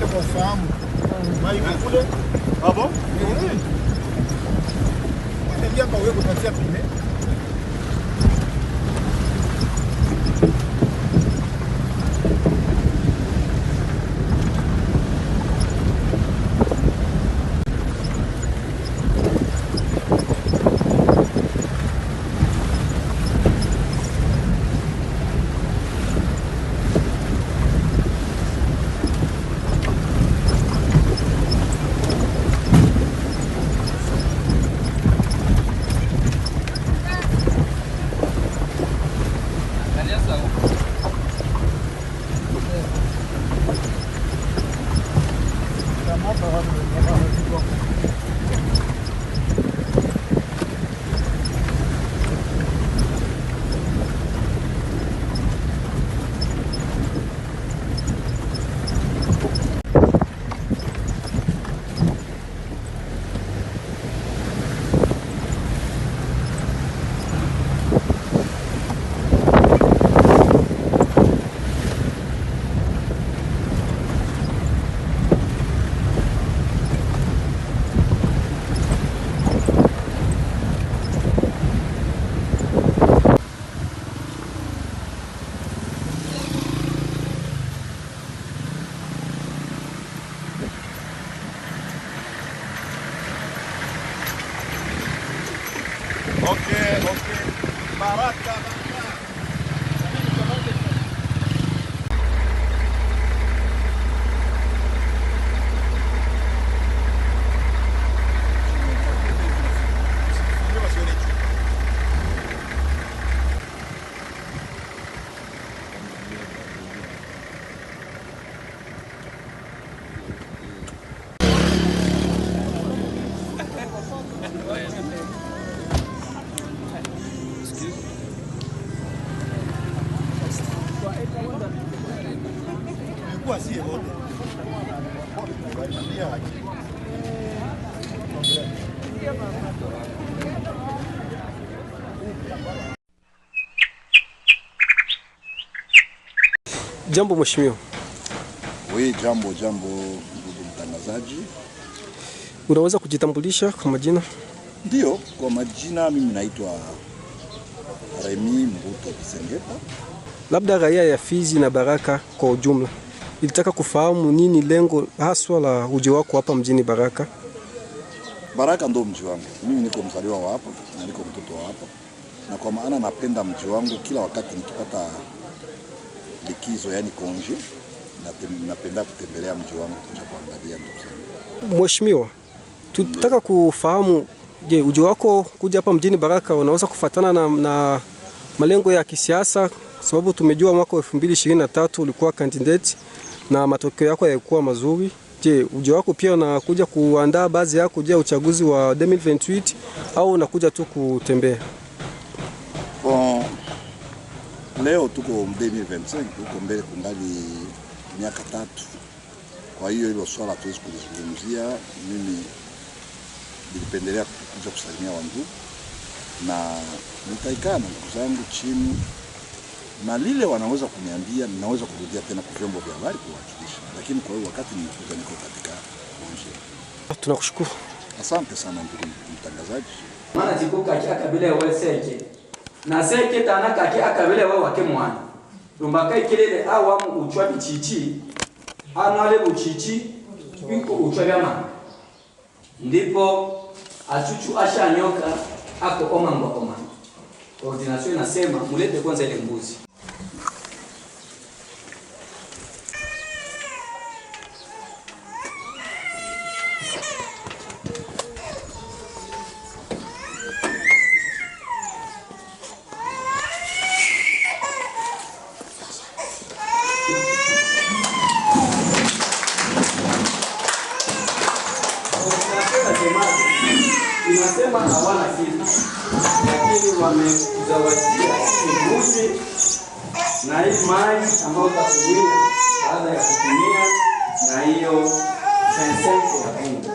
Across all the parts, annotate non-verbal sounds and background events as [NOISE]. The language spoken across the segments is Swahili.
yote kwa ufahamu maiko kule hapo ndio. Ndio ndio kwa wewe kutatia pime Yes, sir. Oke, barat kanan. Jambo mheshimiwa. Oui, jambo jambo, ndugu mtangazaji. Unaweza kujitambulisha kwa majina? Ndio, kwa majina mimi naitwa Remi Mbuto Kisengeta. Labda raia ya Fizi na Baraka kwa ujumla ilitaka kufahamu nini lengo haswa la uji wako hapa mjini Baraka? Baraka ndo mji wangu. Mimi niko mzaliwa wa hapa na niko mtoto wa hapa, na kwa maana napenda mji wangu, kila wakati nikipata likizo, yani konje, napenda kutembelea mji wangu kuja kuangalia ndugu zangu. Mheshimiwa, tutaka kufahamu, je, uji wako kuja hapa mjini Baraka unaweza kufatana na, na malengo ya kisiasa? kwa Sababu tumejua mwaka 2023 ulikuwa candidate na matokeo yako yalikuwa mazuri. Je, uji wako pia unakuja kuandaa baadhi yako je uchaguzi wa 2028 au unakuja tu kutembea? leo tuko 2025 tuko mbele kungali miaka tatu. Kwa hiyo hilo swala tuwezi kulizungumzia. Mimi nilipendelea kuja kusalimia wangu na nitaikaa na ndugu zangu chini, na lile wanaweza kuniambia, ninaweza kurudia tena kwa vyombo vya habari kuwakilisha, lakini kwa hiyo wakati nimekuja, niko katika nje. Tunakushukuru, asante sana ndugu mtangazaji. maana jikuka kia kabila ya Weseke na se nkịta na kaki akabele we wake mwana lumbaka ikelele awa mu uchwa bichichi anwale buchichi iko uchwa bya manga ndipo achuchu ashanyoka ako omangwa omanga ordination inasema mulete kwanza ile mbuzi tunasema hawana kitu, lakini wamezawadia kivushi na hii maji ambayo utatumia baada ya kutumia na hiyo sensensi ya Mungu.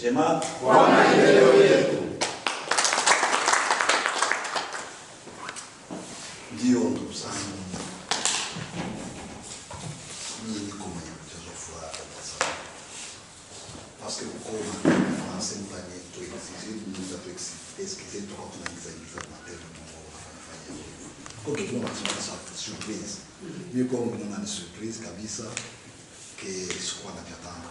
Žema Ona i vjerujete. Dio do Santo. Nous comme de Zofua Parce é que comme en s'éloigner tout exiger, nous avons exquisé trop dans e fazer de mon o que tout le monde soit surprise. Mieux comme on a une surpresa Kabisa, que ce é qu'on a qu'attendre.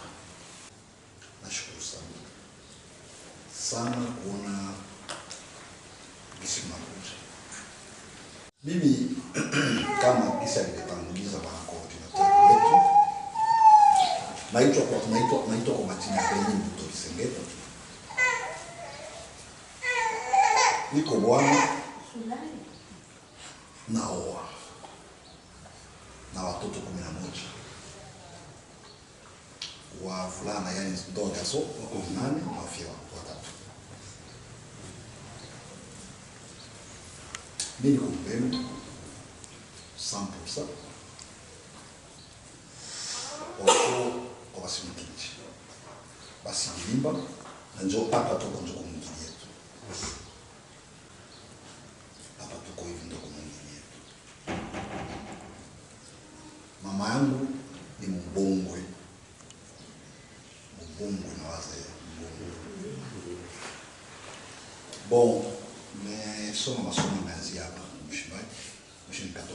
sana kuona gisi nakuja. Mimi [CLEARS THROAT] kama gisi alivyotanguliza bwana tatu wetu, naitwa kwa naitwa naitwa kwa majina yenye mtu Kisengeta, niko bwana naoa na watoto kumi na moja wavulana, yani ndoa so wako nane, wafia wako mini kubena 100% oko kwa basimikiliji basikilimba na njo apa toko njo kumukilia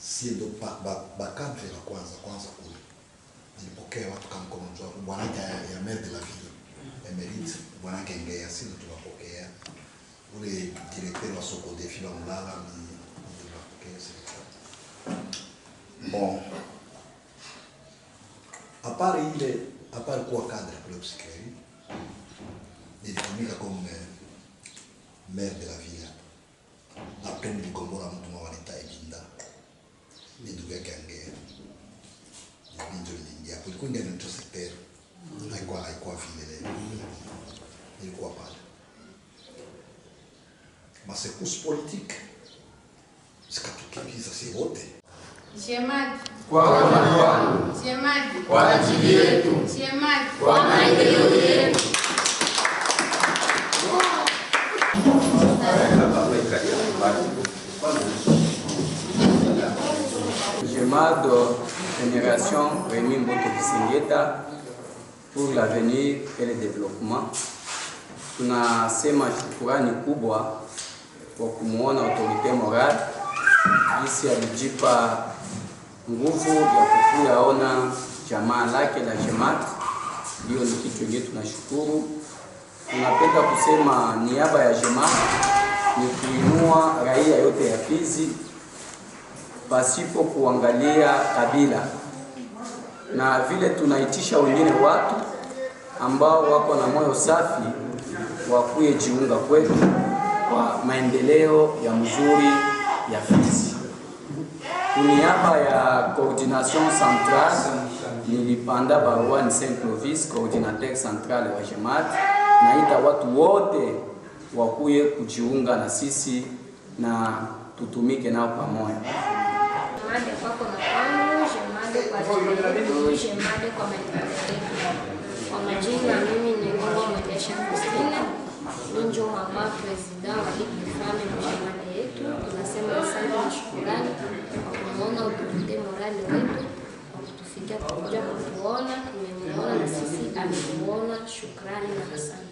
si ndo bakamfera ba, ba kwanza kwanza kule nilipokea watu kama mkono mzuri bwanake ya mer de la ville emerite bwanake ngea si ndo tuwapokea ule directeur wa soko defi wa mulala ni nilipokea serikali bon apare ile apare kuwa cadre kule usikeri nilitumika comme maire de la ville na peine niligombora mtu bintu byakangera bintu viningi hapo ilikuwa ingana sepero mm. haikuwa haikuwa vile mm. ilikuwa pale masekusi politiki zikatukimbiza si wote Shemati kwa watu wao, kwa ajili yetu, Shemati kwa maendeleo yetu Mado, Génération Rémi Mboto pour l'avenir et le développement. pour que kubwa kwa une autorité morale jinsi alijipa nguvu ya ona jamaa la Nous tunashukuru. kusema niaba ya ni kuinua pasipo kuangalia kabila, na vile tunaitisha wengine watu ambao wako na moyo safi wakuye jiunga kwetu kwa maendeleo ya mzuri ya Fizi. Kuniaba ya Coordination Centrale nilipanda barua ni Saint Clovis, coordinateur central wa Jemat, naita watu wote wakuye kujiunga na sisi na tutumike nao pamoja made kwako na kwangu, shemade kwa tiiu, shemade kwa maendeleo Kwa majina mimi ni Mungu Mwendesha Christina Minjo Mama, presida wa Ligue Femme mashemade yetu. Tunasema asante na shukurani kwa kumuona utukude morali wetu kwa kutufikia kukuja kutuona, imemwona na sisi amemuona Shukrani na asante.